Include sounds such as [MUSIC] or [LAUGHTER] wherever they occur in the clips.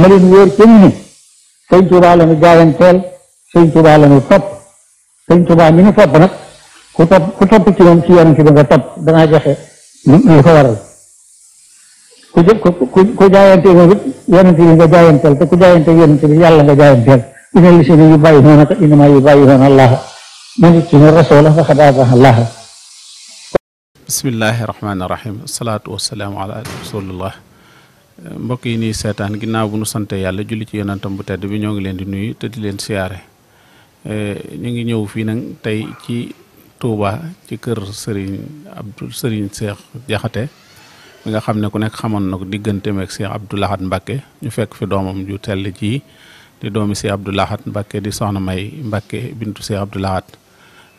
na leen wóor ci ni sëñ Tuubaa la ñu gaayanteel sëñ Tuubaa la ñu topp sëñ Tuubaa mi ñu topp nag ku topp ku topp ci moom ci yoon ci ba nga topp danaa joxe lu ko waral ku jë ku ku jaayante moom it yonente bi nga jaayanteel te ku jaayante yonente bi yàlla nga jaayanteel ina li seen yu bàyyi noona ka inama yu bàyyi noona allaha man it ci ne rasoola fa xadaaba allaha bismillahi rahmaani rahim asalaatu wasalaamu ala rasulillah mbokk yi nii seetaan ginnaaw bu nu sante yàlla julli ci yonantam bu tedd bi ñoo ngi leen di nuyu te di leen siyaare eh, ñu ngi ñëw fii nag tey ci tuuba ci kër Serigne Abdou Serigne Cheikh Diakhaté mi nga xam ne ku nekk xamoon na ko digganteem ak Cheikh Abdou Lahad Mbacké ñu fekk fi doomam ju tell ji di doomi Cheikh Abdou Lahad Mbacké di soxna May mbakke bintu Cheikh Abdou Lahad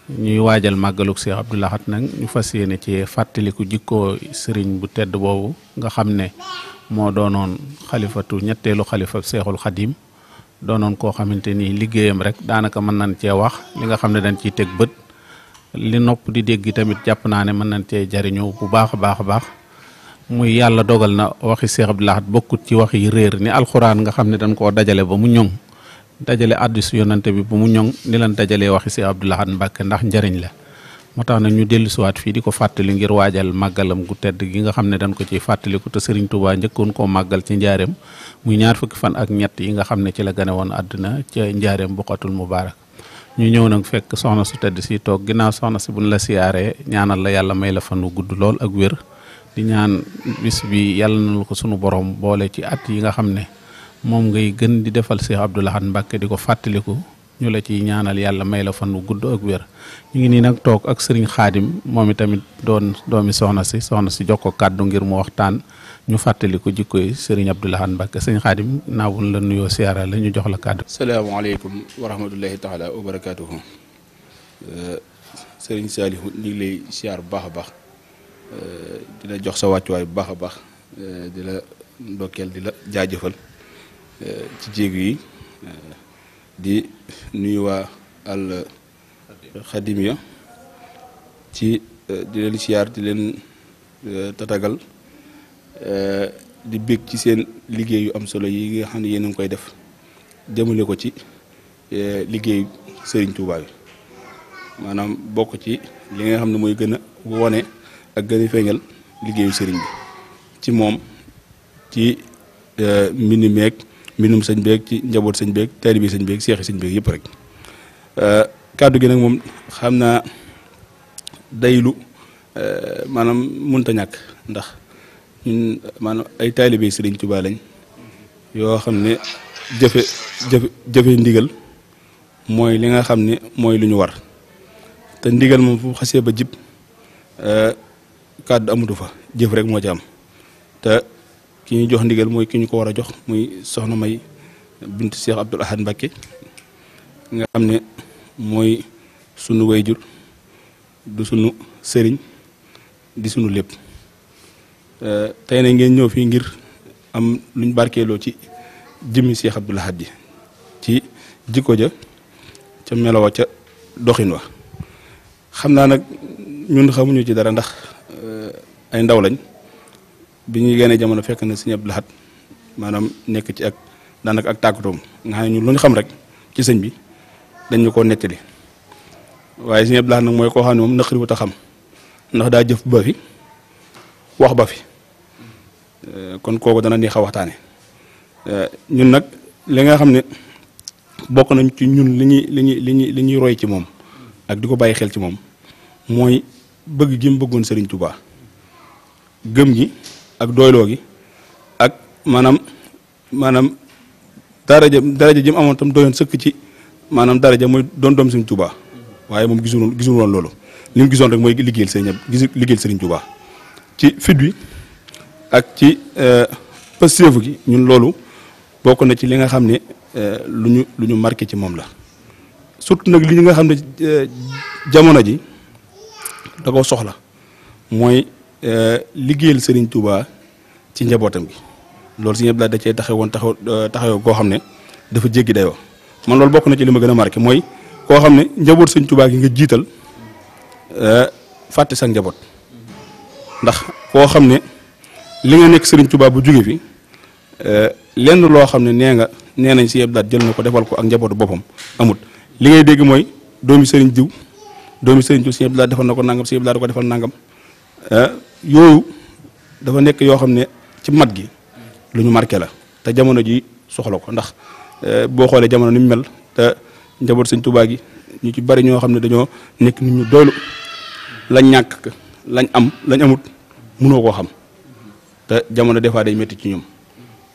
ñuy waajal màggaluk Cheikh Abdou nag ñu fas yéene ci fàttaliku jikkoo sëriñ bu tedd boobu nga xam ne moo doonoon xalifatu ñetteelu xalifa seexul xadim doonoon koo xamante ni liggéeyam rek daanaka mën nañ cee wax li nga xam ne dañ ciy teg bët li nopp di dégg tamit jàpp naa ne mën nañ cee jariñoo bu baax a baax a baax muy yàlla dogal na waxi Seex Abdul Ahad bokkut ci wax yi réer ni alxuraan nga xam ne dañ koo dajale ba mu ñoŋ dajale àddisu yonante bi ba mu ñoŋ ni lan dajalee waxi Seex Abdul Ahad Mbàkke ndax njariñ la moo tax nag ñu dellu siwaat fii di ko fàttali ngir waajal màggalam gu tedd gi nga xam ne dañ ko ciy fàttaliku te Serigne Touba njëkkoon koo màggal ci njaareem muy ñaar fukki fan ak ñett yi nga xam ne ci la gane woon àdduna ca njaareem boqatul mubaarak ñu ñëw nag fekk soxna su tedd si toog ginnaaw soxna si buñ la siyaaree ñaanal la yàlla may la fan wu gudd lool ak wér di ñaan bis bi yàlla na ko sunu borom boole ci at yi nga xam ne moom ngay gën di defal Cheikh Abdoul Ahad Mbacké di ko fàttaliku ñu la ciy ñaanal yàlla may la fan wu gudd ak weer ñu ngi nii nag toog ak sëriñ xaadim moom itamit doon doomi soxna si soxna si jox ko kàddu ngir mu waxtaan ñu fàttali ko jikko yi sëriñ Abdou Lahad Mbacké sëriñ xaadim naawun la nuyoo siyaara la ñu jox la kàddu salaamaaleykum wa rahmatullahi taala wa barakaatuhu euh, sëriñ saalihu ñu ngi lay siyaar bu baax a baax euh, di la jox sa wàccuwaay bu baax a baax euh, di la ndokkeel di la jaajëfal ci jéegu yi di nuyu waa al xadimiya ci eh, di leen siyaar di leen eh, tatagal eh, di bég ci seen liggéey yu am solo yi nga xam ne yéen a ngi koy def jëmale ko ci liggéey Serigne Touba bi maanaam bokk ci li nga xam ne mooy gën a wone ak gën a feeñal liggéeyu Serigne bi ci moom ci mini meeg minum sëñ bek ci sen sëñ beeg taalibe sen bek cheikh sen bek yep rek euh, kàddu gi nak mom xamna daylu euh manam munta ñak ndax ñun manam ay taalibe sëriñ touba lañ yo xam ne jëfé ndigal moy li nga ne luñu war te ndigal mom fu xasse ba euh kàddu amatu fa jëf rek mo ci am te ki ñuy jox ndigal mooy ki ñu ko war a jox muy soxna may bint Cheikh Abdoul Ahad nga xam ne mooy sunu wayjur du sunu sëriñ di sunu lépp euh, tey na ngeen ñëw fii ngir am luñ barkeeloo ci jëmmi Cheikh Abdoul Ahad ji ci jikko ja ca melo ca doxin wa xam naa nag ñun xamuñu ci dara ndax euh, ay ndaw lañ bi ñuy génnee jamono fekk na sëñ Abdou Lahad maanaam nekk ci ak daanaka ak tàkkutoom nga xam ne ñun lu xam rek ci sëñ bi dañ ñu koo nettali waaye sëñ nag mooy koo moom naqari wut a xam ndax daa jëf ba wax ba kon kooku dana neex a ñun nag li nga xam ne bokk nañ ci ñun li ñuy li ñuy li ñuy li ñuy roy ci moom ak di ko bàyyi xel ci moom mooy bëgg gi mu bëggoon Serigne Touba gëm gi ak doyloo gi ak maanaam maanaam daraja daraja ji mu amoon tam doyoon sëkk ci maanaam daraja mooy doon doom Sëriñ Tuubaa waaye moom gisul gisul woon loolu li mu gisoon rek mooy liggéeyal sëriñ gis liggéeyal Sëriñ Tuubaa ci fit wi ak ci euh, pëstéefu gi ñun loolu bokk na ci li nga xam ne euh, lu ñu lu ñu marke ci moom la surtout nag li nga xam ne euh, jamono ji da soxla mooy Euh, liggéeyal sëriñ Touba ci njabootam gi loolu si ñëpp daal da cee taxawoon taxaw taxawoo euh, koo xam ne dafa jéggi dayoo man loolu bokk na ci li ma gën a marqué mooy koo xam ne njaboot Serigne Touba gi nga jiital euh, fàtte sa njaboot ndax koo xam ne li nga nekk Serigne Touba bu jóge fi lenn loo xam ne nee nga nee nañ si yëpp daal jël na ko defal ko ak njabootu boppam amut li ngay dégg mooy doomi Serigne diw doomi Serigne diw si yëpp daal defal na ko nangam si yëpp ko defal nangam. Euh, yooyu dafa nekk yoo xam ne ci mat gi lu ñu marqué la te jamono ji soxla ko ndax euh, boo xoolee jamono ni mu mel te njaboot sëñ Tuubaa gi ñu ci bari ñoo xam ne dañoo nekk nit ñu doylu lañ ñàkk lañ am lañ amut mënoo koo xam te jamono des fois day métti ci ñoom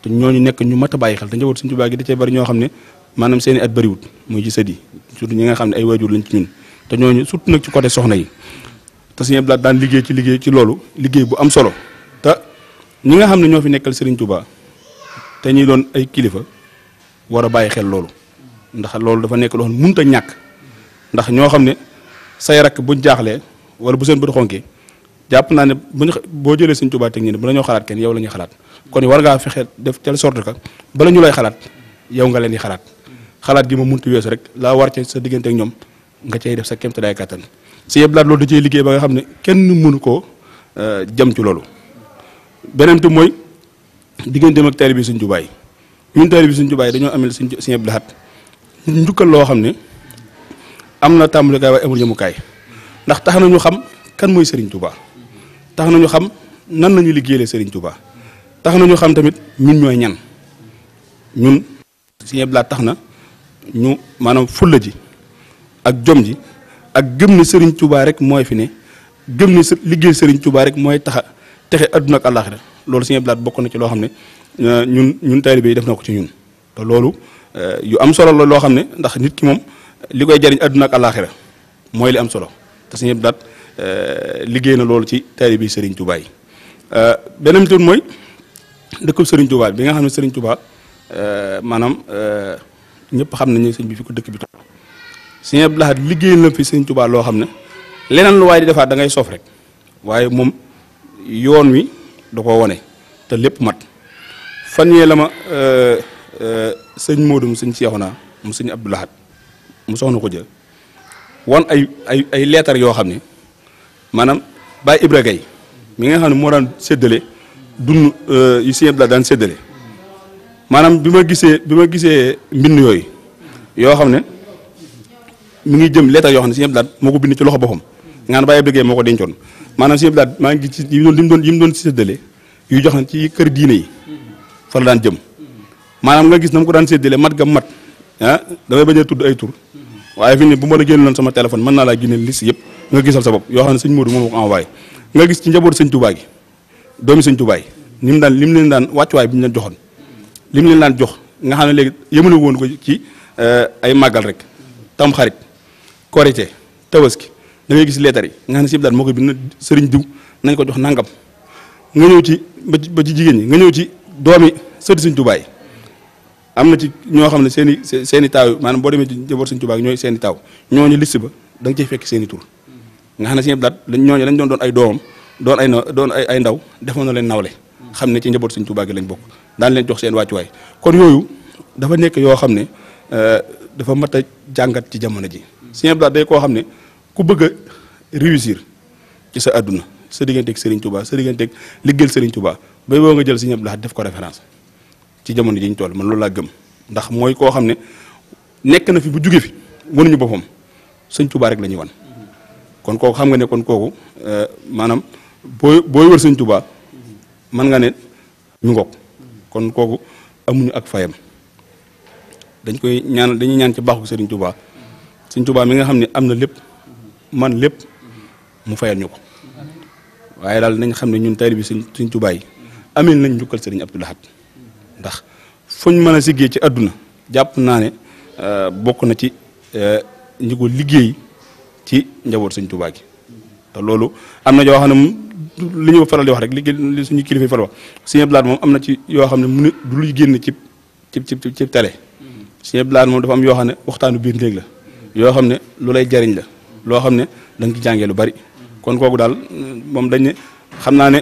te ñooñu nekk ñu mat a bàyyi xel te njaboot sëñ Tuubaa gi da cee bari ñoo xam ne maanaam seen at bariwut muy ci sët yi ñi nga xam ne ay waajur lañ ci ñun te ñooñu surtout nag ci côté soxna yi te blad dan Lahad daan ci liggey ci lolu liggey bu am solo ta ñi nga xamne ne fi nekkal Serigne Touba te ñi doon ay kilifa wara baye xel lolu ndax lolu dafa nekk loo xam ne ñak ndax ño xamne say rak buñ jaxlé wala bu seen bu xonké japp na ne buñ bo jëlé Serigne Touba tek ñi bu lañu xalaat yow la kon war nga fexé def tel sorte ka ba lañu lay xalaat yow nga di xalaat xalaat gi ma mënut wess rek la war ci sa digënté ak ñom nga cey def sa day kàttan si yëpp laat loolu da cee liggéey ba nga xam ne kenn mënu koo euh, jam ci loolu beneen bi mooy digganteem ak taalibe Sëñ Tuubaa yi ñun taalibe Sëñ Tuubaa yi dañoo amel Sëñ Sëñ Abdul Ahad njukkal loo xam ne am na tàmbalikaay waaye amul yemukaay ndax tax na nañu xam kan mooy Serigne Touba tax na ñu xam nan nañu liggéeyale Serigne Touba tax na nañu xam tamit ñun ñooy ñan ñun Sëñ Abdul tax na ñu maanaam fulla ji ak jom ji ak gëm ni sëriñ Touba rek mooy fi ne gëm ni liggéey sëriñ Touba rek mooy taxa texe adduna ak àllaaxira loolu Sëriñ Abdou Lahad bokk na ci loo xam ne euh, ñun ñun taalibe yi def na ko ci ñun te loolu euh, yu am solo la loo xam ne ndax nit ki moom li koy jariñ adduna ak àllaaxira mooy li am solo te Sëriñ Abdou Lahad euh, liggéey na loolu ci taalibe yi sëriñ Touba yi beneen bi mooy dëkkub sëriñ Touba bi nga xam ne sëriñ Touba maanaam ñëpp xam nañu sëñ bi fi ko dëkk bi toll Sëñ Abdou Lahad liggéeyal na fi Sëñ Tuubaa loo xam ne leneen lu waaye di defaat da ngay soof rek waaye moom yoon wi da ko wane te lépp mat fan yee la ma euh, euh, sëñ Modou sëñ Seexuna mu sëñ Abdou Lahad mu soxna ko jël wan ay ay ay leetar yoo xam ne maanaam Baye Ibra Gaye mi nga xam ne moo daan séddale dund euh, yu sëñ Abdou daan séddale maanaam bi ma gisee bi ma gisee mbind yooyu yoo xam ne mi ngi jëm lettre yoo xam ne Sëriñ Abdou bind ci loxo bopam nga ne bàyyi Abdou Gueye moo ko dencoon maanaam Sëriñ ngi ci yim doon yim doon yim mu doon yu jox na ci kër diiné yi fa la daan jëm manam nga gis nam ko daan séddale mat ga mat ha ah, damay bañ tudd ay tur waye fini ne bu ma la gënal sama téléphone man na la gënal liste yépp nga gisal sa bop yo xam ne Modou moom ko envoy nga gis ci njabot seigneur Touba gi doomi seigneur Touba yi ni mu daan dan mu leen daan wàccuwaay bi ñu leen joxoon li leen daan jox nga xam ne léegi yëmale ko ci eh, ay magal rek tam xarit korite tabaski da ngay gis leetar yi nga xam ne sëñ daal moo koy bind sëriñ diw nañ ko jox nangam nga ñëw ci ba ci jigéen ñi nga ñëw ci doomi sëti sëñ Tuubaa am na ci ñoo xam ne seen i seen i taaw maanaam boo demee ci njaboot sëñ Tuubaa ñooy seen i taaw ñooñu liste ba da nga fekk seen i tur nga xam ne sëñ daal ñooñu lañ doon doon ay doomam doon ay doon ay ay ndaw defoon na leen nawle xam ne ci njaboot sëñ Tuubaa gi lañ bokk daan leen jox seen wàccuwaay kon yooyu dafa nekk yoo xam ne euh, dafa mat a jàngat ci jamono ji Sëñ Abdou day koo xam ne ku bëgg réussir ci sa àdduna sa digganteeg Serigne tubaa sa digganteeg liggéeyal Serigne tubaa bay boo nga jël Sëñ Abdou Lahad def ko référence ci jamono ji ñu toll man loolu laa gëm ndax mooy koo xam ne nekk na fi bu jóge fi wanuñu boppam Sëñ Touba rek lañuy ñuy wan kon kooku xam nga ne kon kooku euh, maanaam booy booy wër Sëñ man nga ne ñu kon kooku amuñu ak fayam dañ koy ñaan dañuy ñaan ci baaxu sëriñ Touba suñ Tuubaa mi nga xam ne am na lépp man lépp mu fayal ñu ko waaye daal nañ xam ne ñun taalibe bi suñ suñ yi amee nañ njukkal Sëriñ Abdou Lahad ndax fuñ mën a siggee ci àdduna jàpp naa ne euh, bokk na ci euh, ñi ko liggéey ci njaboot suñ Tuubaa gi te loolu am na yoo xam ne li ñu faral di wax rek li suñu kilifa yi faral moom am na ci yoo xam ne mu ne du luy génn ci ci ci ci télé Sëriñ Abdou Lahad moom dafa am yoo xam ne waxtaanu biir néeg la yoo xam ne lu lay jariñ la loo xam ne dañ nga ci jàngee lu bari kon kooku daal moom dañ ne xam naa ne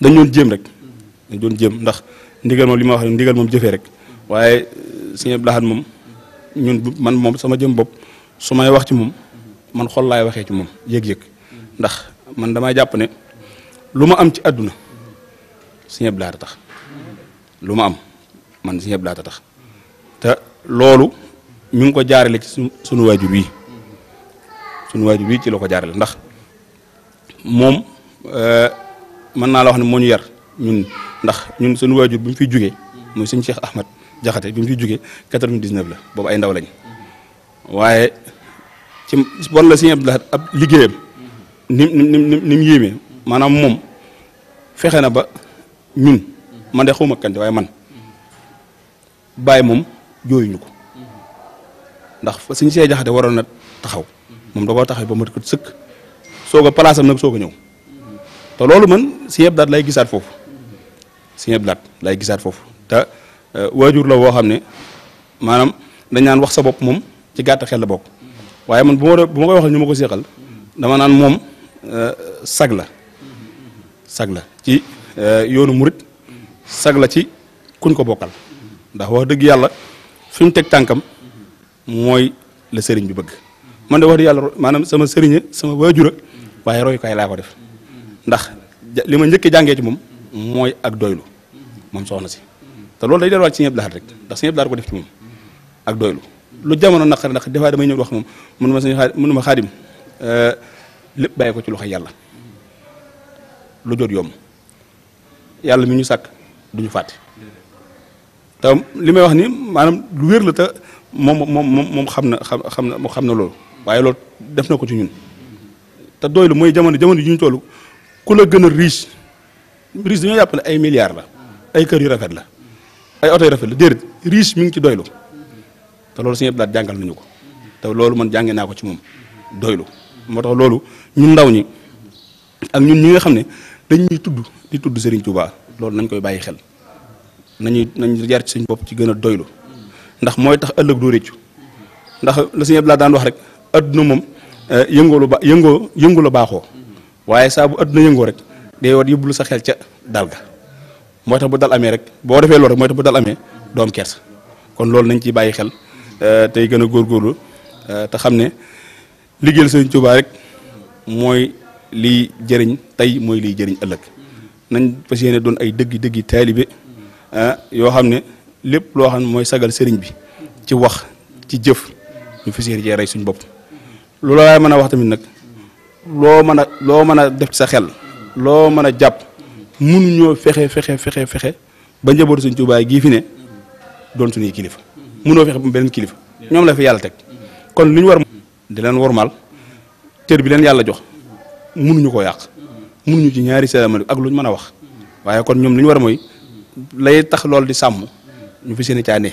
dañ doon jéem rek dañ doon jëm ndax ndigal moom li ma wax rek ndigal moom jëfee rek waaye euh, sëñ Abdou Lahad moom ñun man moom sama jëm bopp su may wax ci moom man xol laay waxee ci moom yëg-yëg ndax man damay jàpp ne lu ma am ci àdduna sëñ Abdou Lahad tax lu ma am man sëñ Abdou Lahad tax te loolu mi ngi ko jaarale ci sunu waajur wi sunu waajur wi ci la ko jaarale ndax moom euh, mën naa la wax ne moo yar ñun ndax ñun sunu waajur bi mu fiy jugee mooy sëñ Cheikh Ahmad Jaxate bi mu fiy jugee 99 la boobu ay ndaw lañ waaye ci wan la sëñ ab liggéeyam ni mu ni mu yéemee maanaam moom fexe na ba ñun man de ma kante waaye man bàyyi moom jooyuñu ko. ndax fa suñu see jaxate waroon na taxaw moom da koo taxaw ba mat ko sëkk soog a place am nag soog a ñëw te loolu mën Sëñ Abdu Lahat lay gisaat foofu Sëñ Abdu Lahat gisaat foofu te euh, waajur la woo xam ne maanaam dañ naan wax sa bopp moom ci gàtt xel la bokk waaye man bu ma bu ma koy waxal ñu ma ko seexal dama naan moom euh, sag la sag la ci euh, yoonu murit sag la ci kuñ ko bokkal ndax wax dëgg yàlla fi teg tànkam. mooy la sëriñ bi bëgg man de wax di yàlla maanaam sama sëriñ sama waajur waaye royukaay laa ko def ndax li ma njëkkee jàngee ci moom mooy ak doylu moom soxna si te loolu day delluwaat ci Sëriñ Abdou rek ndax Sëriñ Abdou Lahad ko def ak doylu lu jamono naqari ndax des fois damay ñëw wax moom mënu ma sëñ mënu ma xaadim euh, lépp bàyyi ko ci loxo yàlla lu jot yomb yàlla mi ñu sàkk duñu fàtte li may wax ni maanaam lu wér la moom moom moom xam na xam xam na xam na loolu waaye loolu def na ko ci ñun te doylu mooy jamono jamono ji ñu toll ku la gën a riche riche dañoo yàpp ne ay milliards la ay kër yu rafet la ay oto yu rafet la déedéet riche mu ngi ci doylu te loolu suñu daal jàngal nañu ko te loolu man jàngee naa ko ci moom doylu moo tax loolu ñun ndaw ñi ak ñun ñu nga xam ne dañuy tudd di tudd Serigne Touba loolu nañ koy bàyyi xel nañuy nañ yar ci suñ bopp ci gën a doylu ndax mooy tax ëllëg doo réccu ndax la sëñ Abdou Lahad daan wax rek adduna moom eh, yëngoo lu yëngoo yëngu baaxoo waaye saabu bu adduna yëngoo rek day war yóbbu sa xel ca dal ga mooy tax bu dal amee rek boo defee loolu rek mooy tax bu dal amee doom kersa kon loolu nañ ciy bàyyi xel eh, tey gën a góor góorlu eh, te xam ne liggéeyal sëñ Tuubaa rek mooy liy jëriñ tey mooy liy jëriñ ëllëg nañ fas yéene doon ay dëgg dëggi taalibe yoo xam ne lépp loo xam ne mooy sagal sëriñ bi ci wax ci jëf ñu fi séeri cee rey suñu bopp loolu laay mën a wax tamit nag loo mën a loo mën a def ci sa xel loo mën a jàpp mënuñoo fexe fexe fexe fexe ba njabootu suñ Tuubaa gii fi ne doon suñuy kilifa mënoo fexe ba beneen kilifa ñoom la fi yàlla teg kon li ñu war di leen wormaal cër bi leen yàlla jox mënuñu ko yàq mënuñu ci ñaari salaamaaleykum ak luñ mën a wax waaye kon ñoom li ñu war mooy lay tax loolu di sàmm ñu fi seen caa ne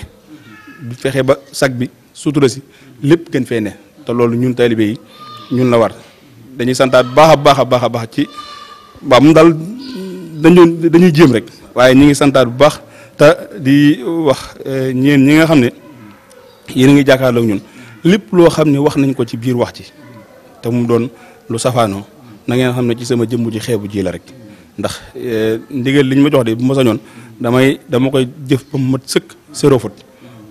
bu fexe ba sac bi sutura ci lepp gën fe né té loolu ñun talibé yi ñun la war dañuy santat baaxa baaxa baaxa baax ci waaw mu dañu dañuy jëm rek waye ñi ngi santat bu baax té di wax eh, ñeen ñi nga xamné yeen ngi jàkkaarloog ñun lepp lo xamné wax nañ ko ci biir wax ci té mu doon lu safano, na ngeen xamné ci sama jëm ju xébu ji la rek ndax eh, ndigal liñ ma jox de bu ma sañon damay dama koy jëf ba mat sëkk zéro faute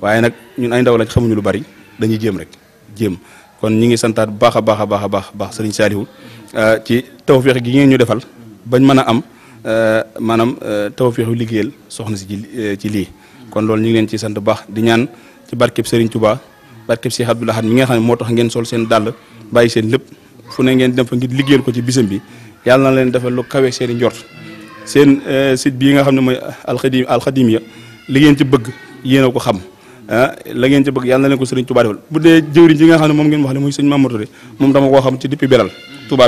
waaye nag ñun ay ndaw lañ xamuñu lu bari dañuy jéem rek jéem kon ñu ngi santaat bu baax a baax a baax a baax baax sëriñ Saliou euh, ci tew tawféex gi ngeen ñu defal bañ mën a am euh, maanaam euh, tawféexu liggéeyal soxna si ci ci lii kon loolu ñu ngi leen ci sant bu baax di ñaan ci barkeb sëriñ Touba barkeb Cheikh Abdoul Ahad mi nga xam ne moo tax ngeen sol seen dàll bàyyi seen lépp fu ne ngeen dem fa ngir liggéeyal ko ci bisam bi yàlla na leen defal lu kawe seen i seen euh, site bii nga xam ne mooy alxadim alxadimiya li ngeen ci bëgg yéen a ko xam ah la ngeen ci bëgg yàlla na leen ko sëriñ Touba bu dee jëwriñ ji nga xam ne moom ngeen wax ne muy sëñ Mamadou Touré moom dama koo xam ci depuis beral Touba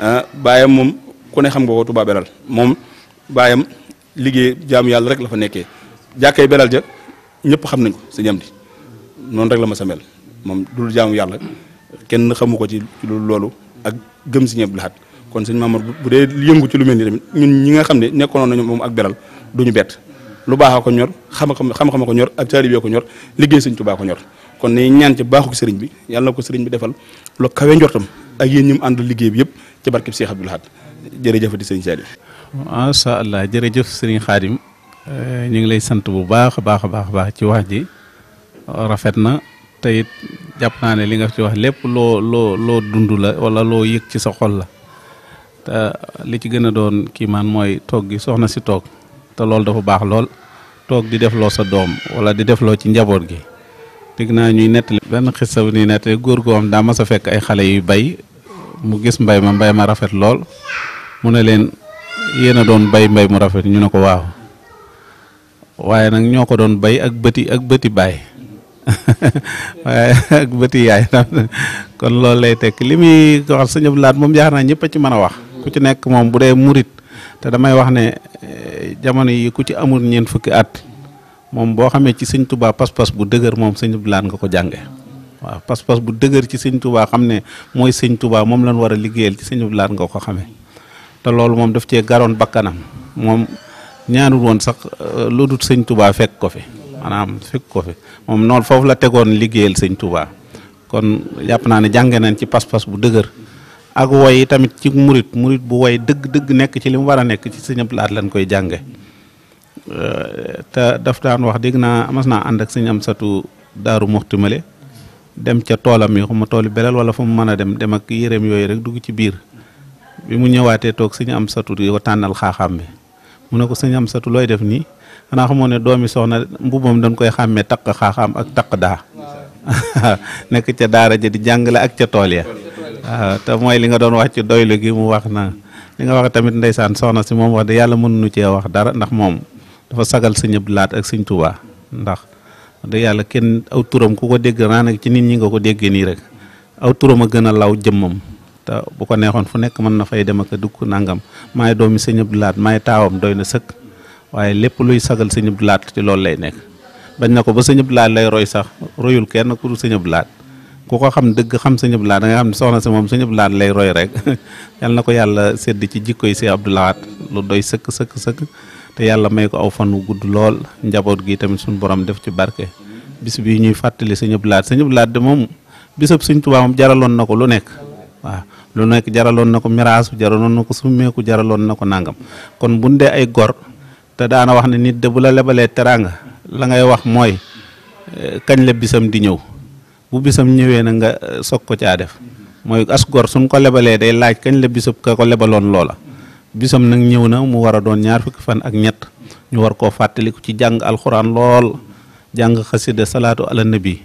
ah baayam moom ku ne xam nga ko Touba moom baayam liggéey jaamu yàlla rek la fa nekkee jàkkay beral ja ñëpp xam nañ ko sëñ Amdi noonu rek la ma sa mel moom du jaamu yàlla kenn xamu ko ci lu loolu ak gëm sëñ Abdou Lahad kon sëñ Mamour bu dee yëngu ci lu mel ni tamit ñun ñi nga xam ne nekkoon nañu moom ak beral duñu bett lu baax ko ñor xam-xam xam-xam ko ñor ak taalibe ko ñor liggéey sëñ Tuubaa ko ñor kon ni ñaan ci baaxu sëriñ bi yàlla ko sëriñ bi defal lu kawe njortam ak yéen ñum àndal liggéey yëpp ci barkeb Cheikh Abdoul Ahad jërëjëfati sëriñ Saali masha Allah jërëjëf sëriñ Xaadim euh, ñu ngi lay sant bu baax a baax a baax baax ci wax ji rafet na te jàpp naa ne li nga ci wax lépp loo loo loo dund la wala loo yëg ci sa xol la te euh, li ci gëna a doon ki man moy tok gi soxna ci tok te lol dafa bax lol tok di def lo sa dom wala di def lo ci njabot gi dig na ñuy net ben xissa bu ñuy nettali go am damas mas a fekk ay xalé yu bay mu gis mbay ma mbay ma rafet lol mu ne len yena doon bay mbay mu rafet ñu ne ko waaw waye nak ñoko doon bay ak beuti ak beuti bay [LAUGHS] waye ak yaay [LAUGHS] kon lol lay tekk li muy waxal sëñ Abdou Lahad moom ci mëna wax ku ci nekk moom bu dee murit te damay wax ne eh, jamono yi ku ci amul ñeent fukki at moom boo xamee ci sëñ tubaa pas-pas bu dëgër moom sëñ Abdou nga ko jànge waaw pas bu dëgër ci sëñ tubaa xam ne mooy sëñ tubaa moom lañ war a liggéeyal ci sëñ Abdou nga ko xamee te loolu moom daf cee garoon bakkanam moom ñaanul woon sax eh, lu dul sëñ tubaa fekk ko fi maanaam fekk ko fi moom noonu foofu la tegoon liggéeyal sëñ tubaa kon jàpp naa ne jànge nañ ci pas-pas bu dëgër ak way tamit ci murid murit bu way deug deug nek ci lim wara nek ci seigne abdul lan koy jangé ta daf daan wax dégg na and ak seigne am satu daru muxtimale dem ci tolam yi xuma toli belal wala fu mu dem dem ak yéreem yoy rek dug ci bir bi mu ñëwaatee tok seigne am satu di wa tanal xaxam bi mu ne ko seigne am satu loy def ni ana xamone doomi soxna mbubam dañ koy xamé tak xaxam ak tak da [LAUGHS] nek ci daara ja di ak ci tool ya. Ah, te mooy li nga doon wax ci doylu gi mu wax na li nga wax tamit ndeysaan soxna si moom wax da yàlla mënuñu cee wax dara ndax moom dafa sagal sëñ laat Lahat ak sëñ Touba ndax da yàlla kenn aw turam ku ko dégg naa nag ci nit ñi nga ko déggee nii rek aw turam a gën a law jëmmam te bu ko neexoon fu nekk mën na fay dem ak a dugg nàngam maay doomi sëñ Abdou Lahat maay taawam doy na sëkk waaye lépp luy sagal sëñ Abdou ci loolu lay nekk bañ na ko ba sëñ Abdou Lahat lay roy sax royul kenn ku dul sëñ ku ko xam ham xam sëñ ham Lahad da nga xam soxna sa mom sëñ Abdou lay roy rek [LAUGHS] yal nako yalla sedd ci jikko ci si lu doy sëkk sëkk sëkk te yalla may ko aw fan wu gudd lol njabot gi tamit sun borom def ci barke bis bi ñuy fatali sëñ Abdou Lahad sëñ de mom bisab sëñ Tuubaa mom jaralon nako lu nekk wa lu nekk jaralon nako mirage jaralon nako na ko nangam kon bunde ay gor te daana wax ni nit de bu la lebalé teranga la ngay wax moy eh, kagn le bisam di ñew bu bisam ñëwee na nga eh, sok ko def moy as askor suñ ko lebalé day laaj kañ la bisub ka ko lebalon loola bisam nak ñëw na mu wara a doon ñaar fukk fan ak ñet ñu war fatali ku ci jang alquran lool jang xasida salatu ala nabi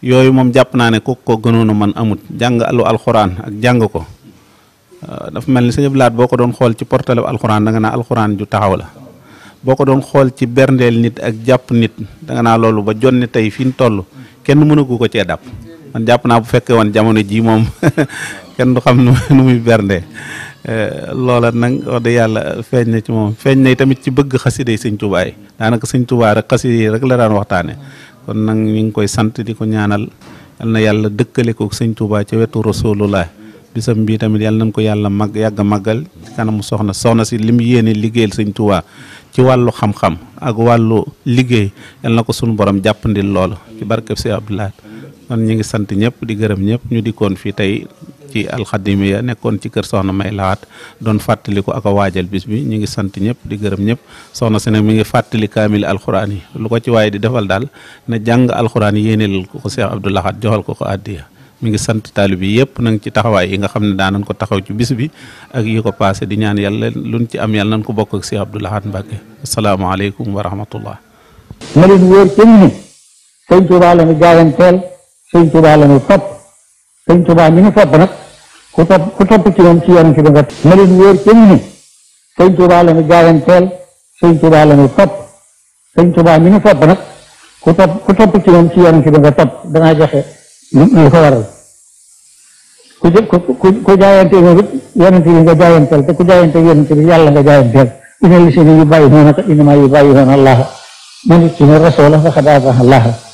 yoy mom japp na ne ko ko gënonu man amut jang alu alquran ak jang ko eh, dafa melni ni sëñ boko boo ko doon xool ci portal alquran da nga na alquran ju taxaw la boko doon ci berndel nit ak japp nit da nga na loolu ba jonni tey fi kenn mënagu ko cee dàpp man jàpp naa bu fekkee woon jamono jii moom [LAUGHS] kenn du xam nu [LAUGHS] muy bernde eh, loola nag wax yàlla feeñ na ci moom feeñ na tamit ci bëgg xasida yi sëñ Tuubaa yi daanaka sëñ Tuubaa rek xasida yi rek la daan waxtaane kon nag ñu ngi koy sant di ko ñaanal yal na yàlla dëkkale ko sëñ Tuubaa ci wetu rasulullah bisam bii tamit yàlla nañ ko yàlla mag yàgg màggal ci kanamu soxna soxna si lim yéene liggéeyal sëñ Tuubaa ci wàllu xam-xam ak wàllu liggéey yal na ko sunu borom jàppandil lool ci barkeb si Abdoulaye kon ñu ngi sant ñëpp di gërëm ñëpp ñu dikkoon fii tey ci alxadimiya nekkoon ci kër soxna May Lawaat doon fàttali ko ak waajal bis bi ñu ngi sant ñëpp di gërëm ñëpp soxna si nag mi ngi fàttali kaamil alxuraan yi lu ko ci waaye di defal daal na jàng alxuraan yéenelal ko ko Cheikh Abdoulaye joxal ko ko addiya mingi ngi sant taalibe yi yëpp ci taxaway yi nga xamne da daanañ ko taxaw ci bis bi ak yi ko passé di ñaan yalla luñ ci am yalla nañ ko bokk ak Cheikh Abdou Lahad assalamu alaykum wa rahmatullah na leen wër ci ñi sëñ Tuubaa la ñu gaawanteel sëñ Tuubaa la ñu top sëñ Tuubaa ñi fa topp nag ku topp ku topp ci ñom ci yoon ci danga na leen wër ci ñi sëñ Tuubaa la ñu gaawanteel sëñ Tuubaa la ñu top sëñ Tuubaa ñi fa topp nag ku topp ku topp ci ñom ci yoon ci top da nga joxe moo ko waral ku jë ku jaayante yonente bi nga jaayanteel te ku jaayante yonente bi yàlla nga jaayanteel ina lisini yu bàyyi noona ka inama yu bàyyi noona allaha man it ci ne rasula faqad aataha allaha